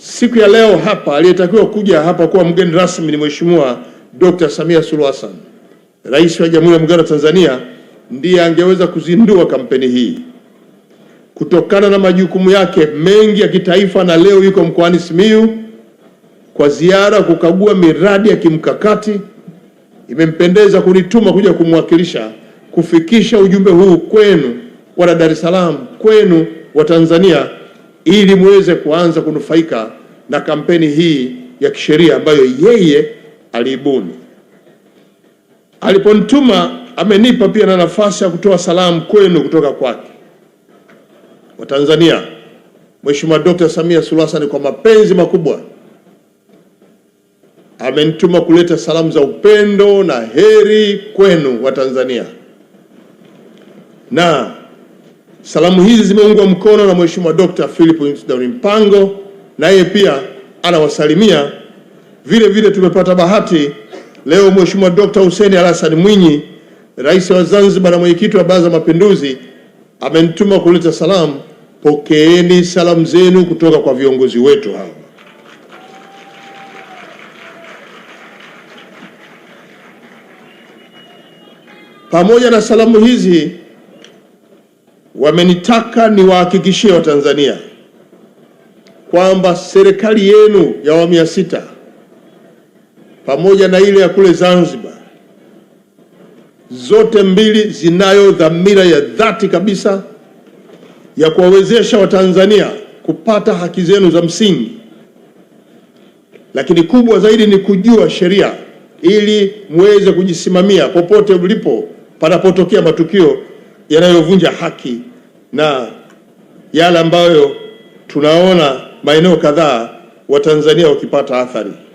Siku ya leo hapa aliyetakiwa kuja hapa kuwa mgeni rasmi ni Mheshimiwa Dr. Samia Suluhu Hassan, Rais wa Jamhuri ya Muungano wa Tanzania, ndiye angeweza kuzindua kampeni hii. Kutokana na majukumu yake mengi ya kitaifa, na leo yuko mkoani Simiyu kwa ziara kukagua miradi ya kimkakati, imempendeza kunituma kuja kumwakilisha kufikisha ujumbe huu kwenu wana Dar es Salaam, kwenu tanzania ili muweze kuanza kunufaika na kampeni hii ya kisheria ambayo yeye aliibuni. Aliponituma amenipa pia na nafasi ya kutoa salamu kwenu kutoka kwake. Watanzania, Mheshimiwa Dkt. Samia Suluhu Hassan kwa mapenzi makubwa amenituma kuleta salamu za upendo na heri kwenu Watanzania na Salamu hizi zimeungwa mkono na Mheshimiwa Dkt. Philip Isdor Mpango, naye pia anawasalimia vile vile. Tumepata bahati leo Mheshimiwa Dkt. Hussein Hassan Mwinyi, rais wa Zanzibar na mwenyekiti wa Baraza la Mapinduzi, amenituma kuleta salamu. Pokeeni salamu zenu kutoka kwa viongozi wetu hawa. Pamoja na salamu hizi wamenitaka niwahakikishie Watanzania kwamba serikali yenu ya awamu ya sita pamoja na ile ya kule Zanzibar, zote mbili zinayo dhamira ya dhati kabisa ya kuwawezesha Watanzania kupata haki zenu za msingi, lakini kubwa zaidi ni kujua sheria ili muweze kujisimamia popote mlipo panapotokea matukio yanayovunja haki na yale ambayo tunaona maeneo kadhaa Watanzania wakipata athari.